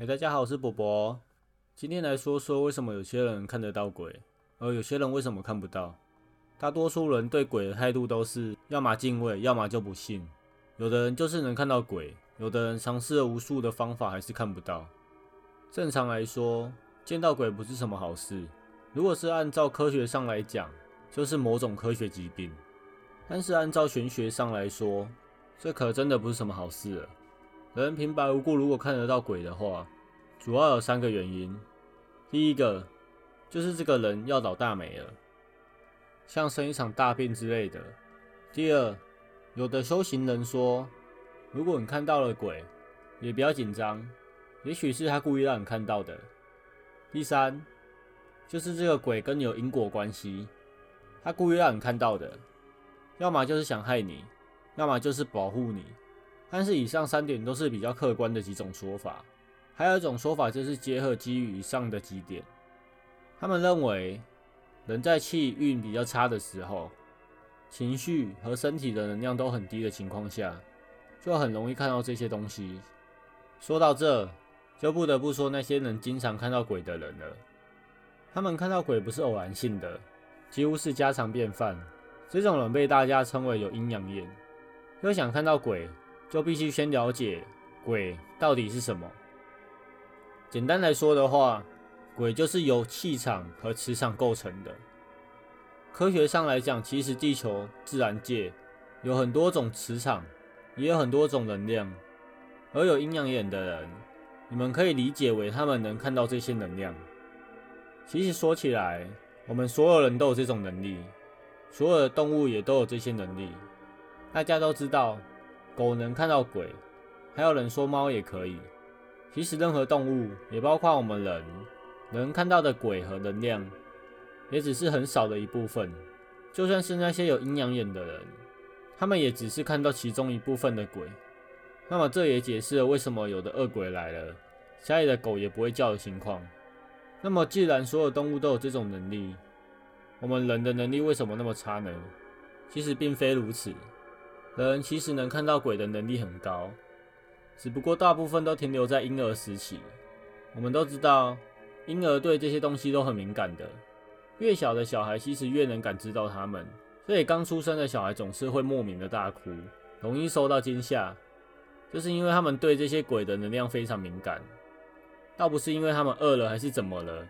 哎、欸，大家好，我是博博。今天來說說，為什麼有些人看得到鬼，而有些人為什麼看不到？大多數人對鬼的態度都是要麼敬畏，要麼就不信。有的人就是能看到鬼，有的人嘗試了無數的方法還是看不到。正常來說，見到鬼不是什麼好事。如果是按照科學上來講，就是某種科學疾病；但是按照玄學上來說，這可真的不是什麼好事了。人平白無故如果看得到鬼的話，主要有三個原因。第一個就是這個人要倒大霉了，像生一場大病之類的。第二，有的修行人說，如果你看到了鬼，也不要緊張，也許是他故意讓你看到的。第三，就是這個鬼跟你有因果關係，他故意讓你看到的，要麼就是想害你，要麼就是保護你。但是以上三點都是比較客觀的幾種說法，還有一種說法就是結合基於以上的幾點，他們認為人在氣運比較差的時候，情緒和身體的能量都很低的情況下，就很容易看到這些東西。說到這，就不得不說那些能經常看到鬼的人了。他們看到鬼不是偶然性的，幾乎是家常便飯。這種人被大家稱為有陰陽眼，又想看到鬼。就必須先了解鬼到底是什麼。簡單來說的話，鬼就是由氣場和磁場構成的。科學上來講，其實地球、自然界有很多種磁場，也有很多種能量。而有陰陽眼的人，你們可以理解為他們能看到這些能量。其實說起來，我們所有人都有這種能力，所有的動物也都有這些能力。大家都知道。狗能看到鬼，還有人說貓也可以。其實任何動物，也包括我們人，能看到的鬼和能量，也只是很少的一部分。就算是那些有陰陽眼的人，他們也只是看到其中一部分的鬼。那麼這也解釋了為什麼有的惡鬼來了，家裡的狗也不會叫的情況。那麼既然所有動物都有這種能力，我們人的能力為什麼那麼差呢？其實並非如此。人其實能看到鬼的能力很高，只不過大部分都停留在嬰兒時期。我們都知道，嬰兒對這些東西都很敏感的，越小的小孩其實越能感知到他們。所以剛出生的小孩總是會莫名的大哭，容易受到驚嚇，就是因為他們對這些鬼的能量非常敏感。倒不是因為他們餓了還是怎麼了，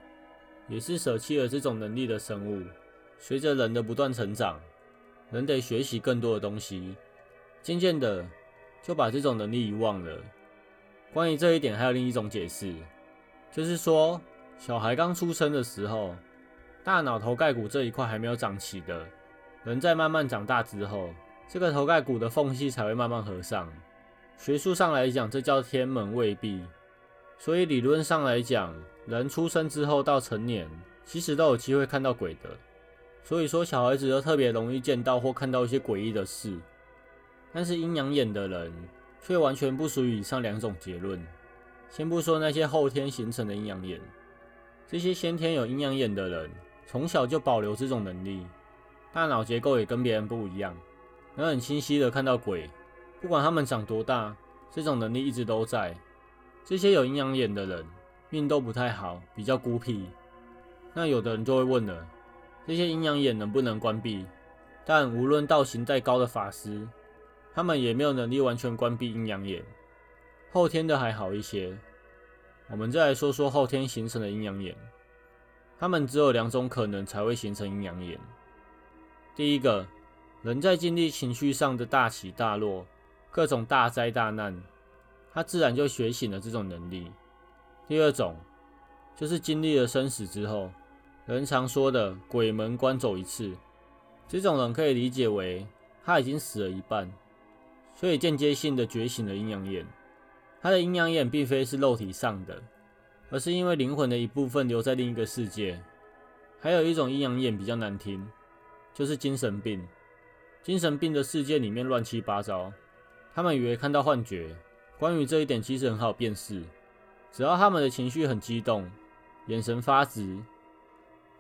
也是捨棄了這種能力的生物。隨着人的不斷成長，人得學習更多的東西。漸漸的就把這種能力遺忘了。關於這一點，還有另一種解釋，就是說，小孩剛出生的時候，大腦頭蓋骨這一塊還沒有長齊的，人在慢慢長大之後，這個頭蓋骨的縫隙才會慢慢合上。學術上來講，這叫天門未閉。所以理論上來講，人出生之後到成年，其實都有機會看到鬼的。所以說，小孩子都特別容易見到或看到一些詭異的事。但是陰陽眼的人卻完全不屬於以上兩種結論。先不說那些後天形成的陰陽眼，這些先天有陰陽眼的人，從小就保留這種能力，大腦結構也跟別人不一樣，能很清晰的看到鬼。不管他們長多大，這種能力一直都在。這些有陰陽眼的人命都不太好，比較孤僻。那有的人就會問了：這些陰陽眼能不能關閉？但無論道行再高的法師，他們也沒有能力完全關閉陰陽眼，後天的還好一些。我們再來說說後天形成的陰陽眼，他們只有兩種可能才會形成陰陽眼。第一個，人在經歷情緒上的大起大落、各種大災大難，他自然就覺醒了這種能力。第二種，就是經歷了生死之後，人常說的“鬼門關走一次”，這種人可以理解為他已經死了一半。所以間接性的覺醒了陰陽眼，他的陰陽眼並非是肉體上的，而是因為靈魂的一部分留在另一個世界。還有一種陰陽眼比較難聽，就是精神病。精神病的世界裡面亂七八糟，他們以為看到幻覺。關於這一點，其實很好辨識，只要他們的情緒很激動，眼神發直，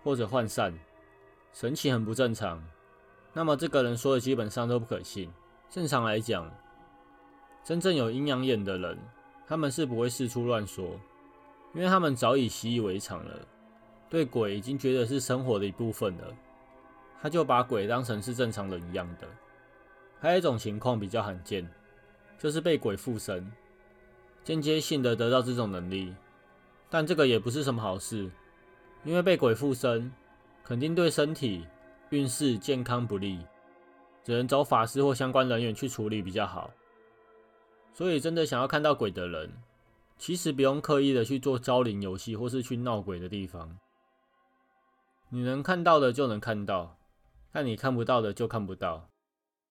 或者渙散，神情很不正常，那麼這個人說的基本上都不可信。正常來講，真正有陰陽眼的人，他們是不會四處亂說，因為他們早已習以為常了，對鬼已經覺得是生活的一部分了，他就把鬼當成是正常人一樣的。還有一種情況比較罕見，就是被鬼附身，間接性的得到這種能力，但這個也不是什麼好事，因為被鬼附身，肯定對身體、運勢、健康不利。只能找法師或相關人員去處理比較好。所以，真的想要看到鬼的人，其實不用刻意的去做招靈遊戲，或是去鬧鬼的地方。你能看到的就能看到，但你看不到的就看不到。